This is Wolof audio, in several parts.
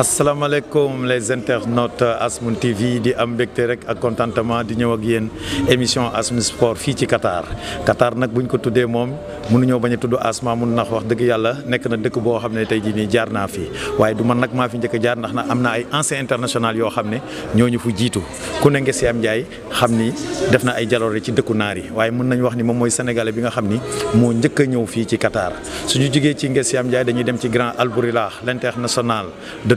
asalaamaaleykum les internautes Asmoon TV di am mbégte rek ak contentement di ñëw ak yéen émission Asmoon Sport fii ci Qatar Qatar nag buñ ko tuddee moom mënuñoo bañ a tudd asma mun nax wax dëgg yàlla nekk na dëkk boo xam ne tey jii nii jaar naa fi waaye du man nag maa fi njëkk jaar ndax na am na ay anciens internationaux yoo xam ne ñu fu jiitu ku ne nga si am Ndiaye xam ni def na ay jaloore ci dëkku naar yi waaye mën nañu wax ni moom mooy sénégalais bi nga xam ni moo njëkk a fii ci Qatar suñu jugee ci Ngesiam Ndiaye dañuy dem ci Grand Al Bourilah l'international de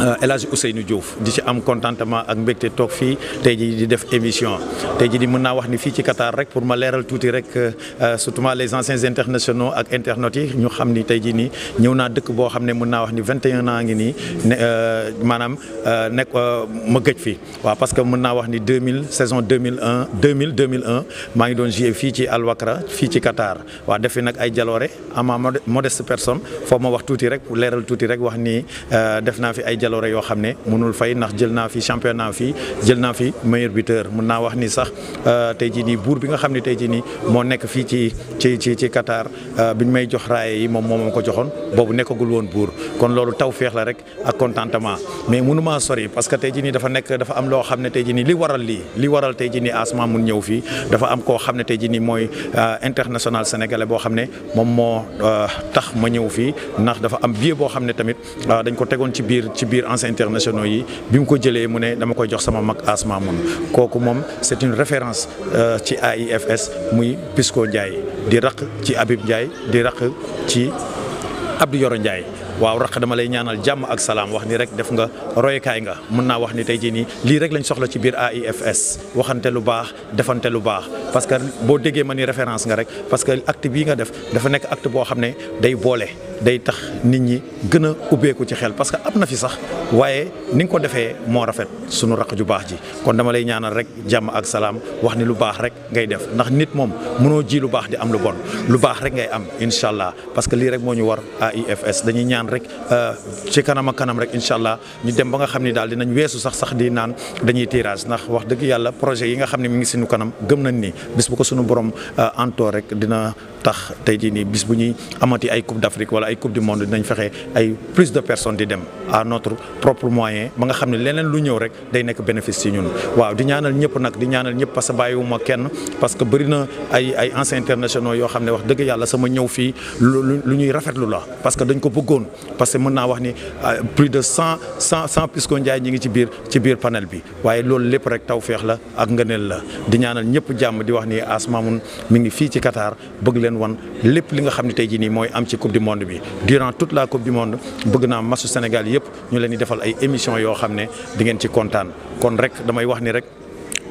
Euh, Elage Hadj Ousseynou Diouf di ci am contentement ak mbekté toog fii tey jii di def émission tey jii di mëna wax ni fi ci Qatar rek pour ma léral touti rek euh, euh, surtout les anciens internationaux ak internautes yi ñu xam ni tey ni nii ñëw naa dëkk bo xamné mëna wax ni 21 ans ngi nii ne maanaam ma gëj fi wa parce que mëna wax ni 2000 saison 2001 2000 2001 ma ngi don jé fi ci Al Wakra fi ci Qatar wa def fi nag ay jaloore ama modeste personne fo ma wax touti rek pour léral touti rek wax ni def na fi ay jaloore yoo xam ne mënul fay ndax jël naa fi championnat fii jël naa fi meilleur buteur mën naa wax ni sax euh, tey jii nii buur bi nga xam ne tey jii nii moo nekk fii ci ci ci ci euh, may jox raaye yi moom moom ko joxoon boobu nekkagul woon buur kon loolu taw feex la rek ak contentement mais mënumaa sori parce que tey jii nii dafa nekk dafa am loo ne tey jii nii li waral lii li waral tey jii nii Asma mun ñëw am koo xam ne tey jii nii mooy euh, international sénégalais boo xam ne moom moo tax ma ñëw fii ndax dafa am billet boo xam ne tamit dañ ko tegoon ci biir ci biir anciens internationaux yi bi mu ko jëlee mu ne dama koy jox sama mak Asma mun koku mom c'est une référence euh, ci AIFS muy Pisco Ndiaye di rak ci Habib Ndiaye di rak ci Abdou Yoro Ndiaye waaw rak dama lay ñaanal Salam. ak salam wax ni rek def nga royukaay nga mën naa wax ni tey jii nii lii rek lañ soxla ci biir AIFS waxante lu baax defante lu baax parce que boo déggee ma ni référence nga rek parce que acte bii nga def dafa nekk acte boo xam ne day boole day tax nit ñi gën a ubbeeku ci xel parce que am na fi sax waaye ni nga ko defee moo rafet sunu raq ju baax ji kon dama lay ñaanal rek jàmm ak salaam wax ni lu baax rek ngay def ndax nit moom mënoo ji lu baax di am lu bon lu baax rek ngay am incha allah parce que lii rek moo war AIFS dañuy ñaan ñaan rek euh, ci kanam ak kanam rek inshallah allah ñu dem ba nga xamni dal dinañ wessu sax sax di naan dañuy tirage ndax wax deug yalla projet yi nga xamni mi ngi suñu kanam gëm nañ ni bis bu ko suñu borom euh, antor rek dina tax tay ni bis bu ñuy amati ay coupe d'Afrique wala ay coupe du monde dinañ fexé ay plus de personnes di dem à notre propre moyen ba nga xamni leneen lu ñew rek day nekk bénéfice ci ñun waaw di ñaanal ñëpp nak di ñaanal ñëpp parce que bàyyiwuma kenn parce que bari na ay ay anciens internationaux yo xamni wax deug yalla sama ñew fi lu ñuy rafetlu la parce que dañ ko bëggoon parce que mën naa wax ni euh, plus de cent cent cent Pisco Ndiaye ñi ngi ci biir ci biir panel bi waaye loolu lépp rek tawféex la ak ngëneel la di ñaanal ñëpp di wax ni As Mamoun mi ngi fii ci Qatar bëgg leen wan lépp li nga xam am ci coupe du monde bi durant toute la coupe du monde bëgg naa masu Sénégal yëpp ñu leen di defal ay émission yoo xam ne di ngeen ci kontaan kon rek damay wax ni rek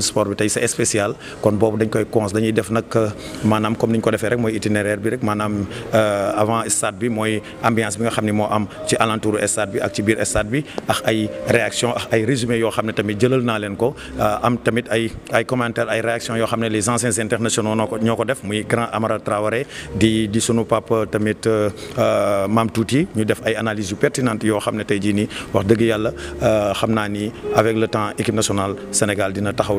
sport bi tay c'est spécial kon bobu dañ koy cons dañuy def nak euh, manam comme niñ ko defee rek moy itinéraire bi rek maanaam euh, avant stade bi moy ambiance bi nga xamni mo am ci alentour stade bi ak ci biir stade bi ak ay réaction ak ay résumé yo xamni tamit jëlal na len ko euh, am tamit ay ay commentaires ay réaction yo xamni les anciens internationaux noo ñoko def muy grand Amara Traoré di di sunu papa tamit mam tuuti ñu def ay analyses pertinente pertinentes yoo xam ne tey jii wax deug yalla xamna ni avec le temps équipe nationale Sénégal dina taxaw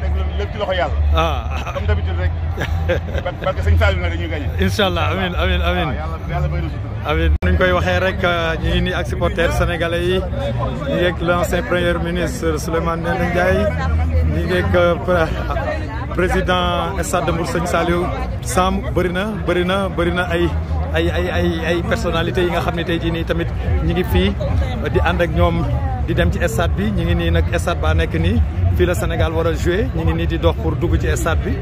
teg lépp ci loxo yàlla. ah comme d'habitude rek. parce que sëñ Saliou na incha allah amiin amiin amiin ah, yàlla yàlla béy na koy waxee rek euh, ñu ngi nii ak supporters sénégalais yi ñu ngi ak l'ancien premier ministre Souleymane Ndéné Ndiaye ñu ngi euh, président stade Mbour sëñ Saliou Samb bëri na bëri na bëri na ay. ay ay ay ay personnalité yi nga xam ne tey jii nii tamit ñi ngi fii di ànd ak ñoom di dem ci stade bi ñi ngi nii nag stade baa nekk nii fii la Sénégal war a ñu ngi di dox pour dugg ci stade bi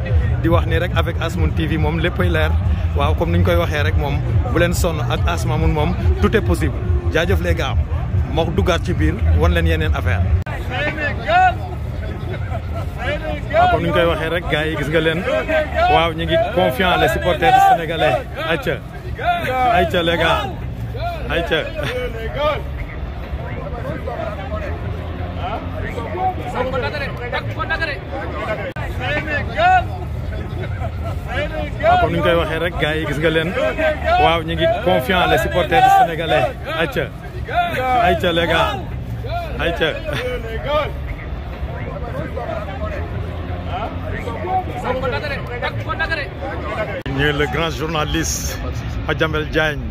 di wax ni rek avec Asmon TV moom léppay leer waaw comme niñ koy waxee rek moom bu leen ak tout est possible jaajëf les gars moo duggaat ci biir wan leen yeneen affaire waaw comme koy waxee rek gars yi gis les supporters sénégalais les gars Sonko dagare ñu koy waxee rek gars yi gis nga leen waaw ñu ngi confiant les supporters du sénégalais ayca ayca les gars ñu le grand journaliste Madiambel Diagne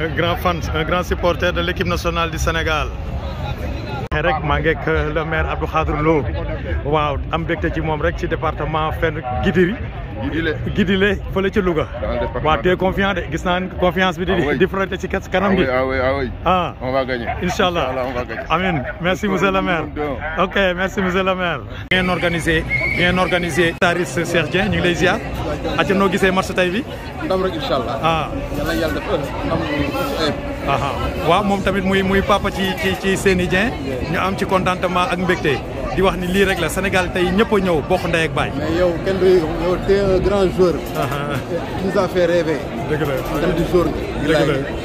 un grand fan un grand supporter de l'équipe nationale du Sénégal waxee maa ngeeg euh, le maire Abdou Khadre Lo waaw am mbégte ci moom rek ci département fenn Gidiri Gidile Gidile ci Louga. waaw tey confiant de gis naa confiance bi di ah di frotter ci kanam gi. ah oui ah, ah, ah. merci monsieur le maire. ok merci monsieur le maire. ngeen organisé. bien organisé. Taris Cheikh Dieng ñu ngi lay ziar. acca noo gisee match tey bi. ndam rek incha ah. euh, waaw moom tamit muy muy papa ci ci ci Seny Dieng. ñu am ci contentement ak mbégte. di wax ni lii rek la Sénégal tey ñëpp a ñëw bokk ndey ak baay. mais yow kenn du yow t'es la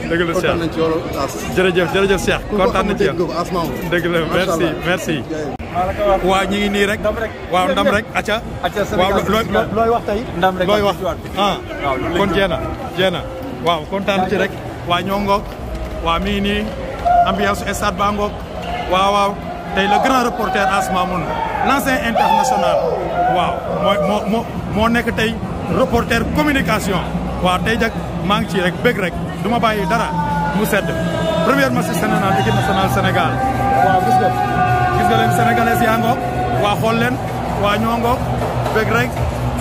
dem nañ ci yow As. jërëjëf jërëjëf Cheikh kontaan nañ ci yow dëgg la merci merci. waaw ñu ngi nii rek. waaw ndam rek acca. acca Sénégal looy wax tey. ndam rek looy wax ah. kon jeena jeena waaw kontaan ci rek. waa ñoo ngoog waa mi ngi nii ambiance baa ngoog waaw tey le grand reporter As Mamoun l'ancien international waaw moo moo moo nekk tey reporter communication waaw tey jag maa ngi ci rek bëgg rek du ma bàyyi dara mu sedd première match Sénégal équipe nationale Sénégal waaw gis nga gis nga leen sénégalais yaa ngoog waa xool leen waa ñoo ngoog bëgg rek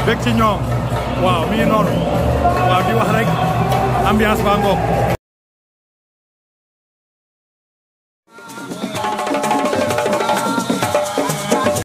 bëgg ci ñoom waaw mi ngi di wax rek ambiance baa ngoog